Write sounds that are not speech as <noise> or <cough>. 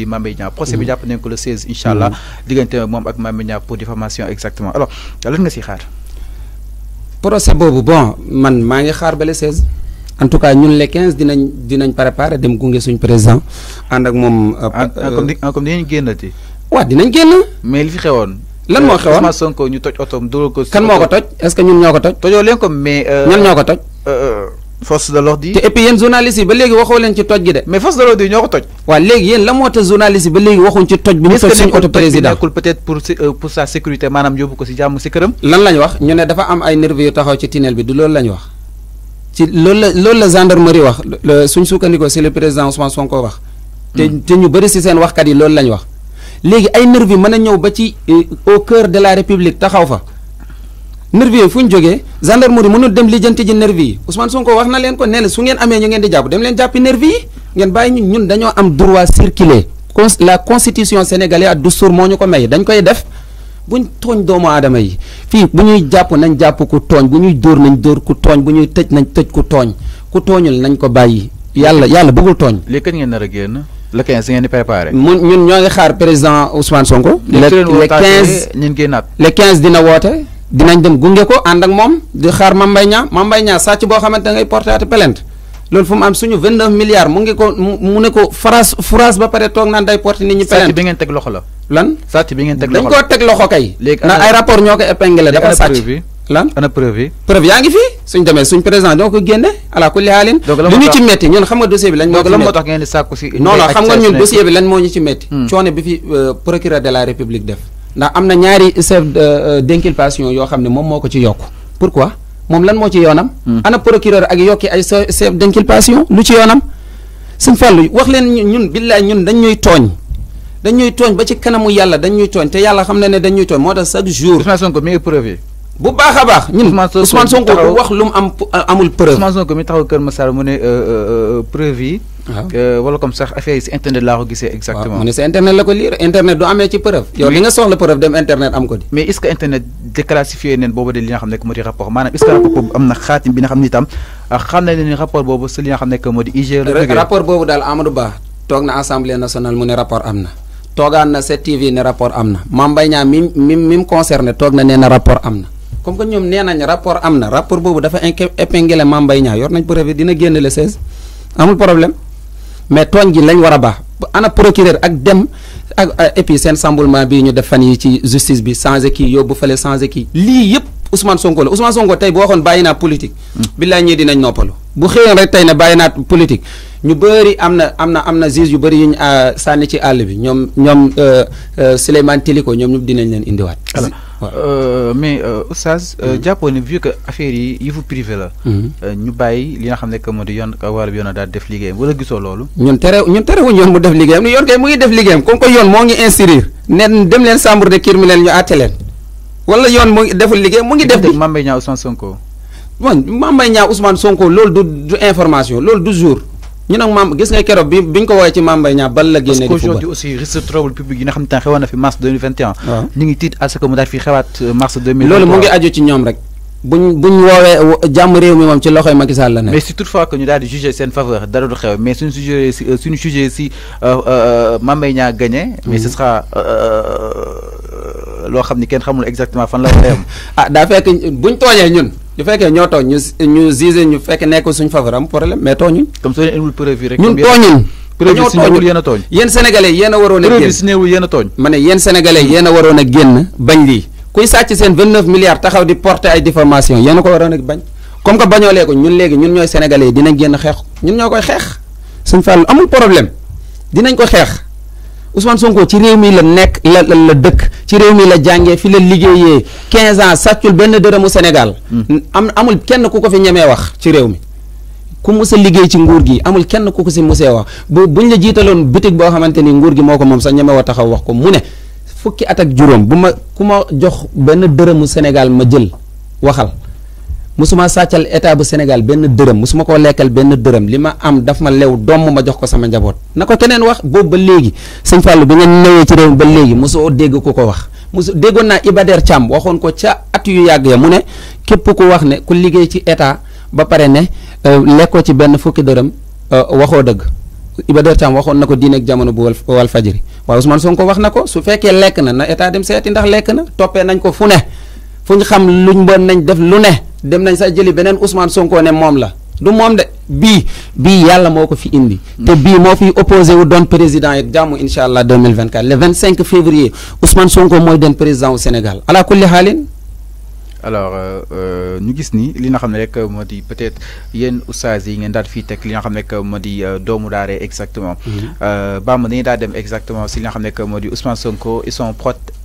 di Mame Mbaye Niang mm-hmm. procès boobu bon man maa ngi xaar ba le 16 en tout cas ñun les 15 dinañ dinañ préparer dem gunge suñ président ànd ak moom. Euh, euh, en comme dinañ génnati. waaw dinañ génn. mais li fi xewoon. lan moo euh, xewoon kan moo ko toj est-ce ñun ñoo ko toj. tojoo leen ko mais. ñan ñoo ko toj. force de l'ordre yi te et puis yéen journaliste yi ba léegi waxoo leen ci toj gi de. mais force de l'ordre yi ñoo ko toj. waaw léegi yéen la moo tax journaliste yi ba léegi waxuñ ci toj. bi ñu toj suñu oto président pour sa sécurité maanaam yóbbu ko si jàmm si këram. lan lañ wax ñu ne dafa am ay nervis yu taxaw ci tunnel bi du loolu lañ wax ci loolu la loolu la gendarmerie wax suñ sukkandikoo si le président Ousmane Sonko wax. te hmm. te ñu bëri si seen waxkat yi loolu lañu wax léegi ay nervis mën a ñëw ba ci euh, au cœur de la république taxaw fa nervi yi fu ñu jógee gendarmerie mënul dem lijjanti ji nervi yi Ousmane Sonko wax na leen ko nee na su ngeen amee ñu ngeen di jàpp dem leen jàppi nervi yi ngeen bàyyi ñun ñun dañoo am droit circuler la constitution sénégalaise ak moo ñu ko may dañ koy def buñ tooñ doomu aadama yi fii bu ñuy jàpp nañ jàpp ku tooñ bu ñuy dóor nañ dóor ku tooñ bu ñuy tëj nañ tëj ku tooñ ku tooñul nañ ko bàyyi yàlla yàlla bëggul tooñ. léegi kañ ngeen nar a génn le 15 ngeen di préparé. mu ñun ñoo ngi xaar président Ousmane Sonko. le 15 le 15 dina woote. dinañ dem gunge ko ànd ak moom di xaar Mame Mbaye Niang Mame Mbaye Niang sàcc boo xamante da ngay porté ati plainte loolu fu mu am suñu 29 milliards mu ngi ko mu ne ko France France ba pare toog naan day porté nit ñi. plainte bi ngeen teg loxo la. lan sàcc bi ngeen teg loxo la dañ koo teg loxo kay. léegi ay rapport ñoo ko épinglé dafa sàcc lan preuve yaa ngi fi suñ demee suñ président doo ko génne ala kulli haalin li ñu ci metti ñun xam nga dossier bi lañ moo ñu ci metti hmm. coono bi fi euh, procureur de l république def ndax am na ñaari chef euh, d'inculpation yoo xam ne moom moo ko ci yokk pourquoi moom lan moo ci yoonam. Hmm. ana procureur ak yokki ay chef d'inculpation lu ci yoonam. suñ fàllu wax leen ñun billaay ñun dañ ñuy tooñ dañ ñuy tooñ ba ci kanamu yàlla dañ ñuy tooñ te yàlla xam na ne dañ ñuy tooñ moo tax chaque jour. Ousmane Sonko ko ngi preuve bu baax a baax. ñun Ousmane Sonko wax lu mu am amul preuve. Ousmane Sonko mi taxaw Kër Massar mu ne euh, euh, preuve yi. wala comme sax affaire yi si internet laa ko gisee exactement mu ne si internet la ko lire internet du amee ci preuve yow li nga soxla preuve dem internet am ko di mais est ce que internet déclassifier neen boobu de li nga xam ne moo di rapport maanaam est ce que rapport boobu am na xaatim bi nga xam ne itam ah, xam na ne rapport boobu si li nga xam ne moo di IG rapport boobu daal Amadou Ba toog na assemblée nationale mu ne rapport am na toogaan na set TV ne rapport am na Mame Mbaye Niang mi mi mi concerné toog na nee na rapport am na comme que ñoom nee nañ rapport am na rapport boobu dafa épinglé Mame Mbaye Niang yor nañ preuve dina génn le 16 amul problème mais tooñ ji lañ war a baax ana procureur ak dem ak et puis seen samboulement bii ñu def fan yi ci justice bi changé kii yóbbu fële changé kii lii yëpp Ousmane Sonko la Ousmane Sonko tey bu waxoon bàyyi naa politique. Hmm. billaay ñii dinañ noppalu. bu xëyoon rek tey na bàyyi naa politique ñu bëri am na am na am na juge yu bëri yuñ ah, sànni ci àll bi ñoom ñoom euh, euh, Souleymane Téliko ñoom ñëpp dinañ leen indiwaat. Euh, mais euh, oustaz. Euh, mm-hmm. jàppoo ne vu que affaire yi yëfu privé la. Mm-hmm. ñu bàyyi li nga xam ne que moo di yoon wàllu yoon daal def liggéeyam wala gisoo loolu. ñun tere ñun terewuñ yoon mu def liggéeyam yoon kay mu ngi def liggéeyam comme que yoon moo ngi instruire. nen dem leen chambre de criminel ñu àtte leen wala yoon mu ngi deful liggéey mu ngi def. Mame Mbaye Niang Sonko. bon Mame Mbaye Niang Ousmane Sonko loolu du du information loolu du jour. ñu nag maam gis nga keroog bi bi ko woowee ci Mame Mbaye Niang bal la génnee. di football parce qu'aujourd'hui aussi risque de trouble public yi nga xam te ne na fi mars 2021. ñi ngi tit à mu daal fi xewat euh, mars 2020 loolu mu ngi aju ci ñom rek. buñ buñ wowe jam réew mi moom ci loxoy Macky Sall la ne mais si toutefois que ñu daal di juger sen faveur dara du xew mais suñu juger si euh, suñu juger si euh, Mame Mbaye Niang gagné. mais ce mm-hmm. sera loo xam ni kenn xamul exactement fan la ko <laughs> ah da fek buñ tooñee ñun. ñu fekkee ñoo tooñ ñu ñu gisé ñu fekk nekk suñ faveur am problème mais tooñuñ. comme soo leen indiwul ñun tooñuñ. preuve si ñëwul yéen a tooñ. yéen sénégalais yéen a waroon a génn preuve si ñëwul yéen a tooñ. ma ne yéen a waroon a génn bañ lii kuy sàcc seen 29 milliards taxaw di porter ay diffamation yéen a ko waroon a bañ comme que bañoo leeku ñun léegi ñun ñooy sénégalais dinañ génn xeex ñun ñoo koy xeex suñ fàll amul problème dinañ ko xeex Ousmane Sonko ci réew mi la nekk la la dëkk ci réew mi la jàngee fi la liggéeyee 15 ans sàccul benn dërëmu Sénégal. Hmm. am amul kenn ku ko fi ñemee wax ci réew mi. ku mus a liggéey ci nguur gi amul kenn ku ko si musee wax bu buñ la jiitaloon boutique boo xamante ni nguur gi moo ko moom sax ñeme wa taxaw wax ko mu ne fukki at ak juróom bu ma ku ma jox benn dërëmu Sénégal ma jël waxal. musuma sàccal état bu Sénégal benn dërëm musuma koo lekkal benn dërëm li ma am daf ma lew doom ma jox ko sama njaboot na ko keneen wax boobu ba léegi sëñ Fallou bi ngeen newee ci réew ba léegi mosoo dégg ku ko wax mosu déggoon naa Ibader Thiam waxoon ko ca at yu yàgg mu ne képp ku wax ne ku liggéey ci état ba pare ne euh, lekkoo ci benn fukki dërëm euh, waxoo dëgg Ibader Thiam waxoon na ko diine jamono bu wal fajiri waaye Ousmane ko wax na ko su fekkee lekk na na état dem seeti ndax lekk na toppee nañ ko fu ne fu ñu xam luñ mën nañ def lu ne dem nañ sax jëli benen Ousmane Sonko ne mom la du mom de bi bi yalla moko fi indi. te bi mo fi opposé wu don président yeeg jàmm incha 2024 le 25 février Ousmane Sonko moy den président au Sénégal ala kulli halin alors euh, euh, ñu gis ni li nga xamné rek moo di peut-être yéen oustaz yi ngeen daal fi teg li nga xamné ne rek moo di euh, doomu daaré exactement. Mhm. Bamba mon daal dem exactement si li nga xamné que rek moo di Ousmane Sonko ils sont prot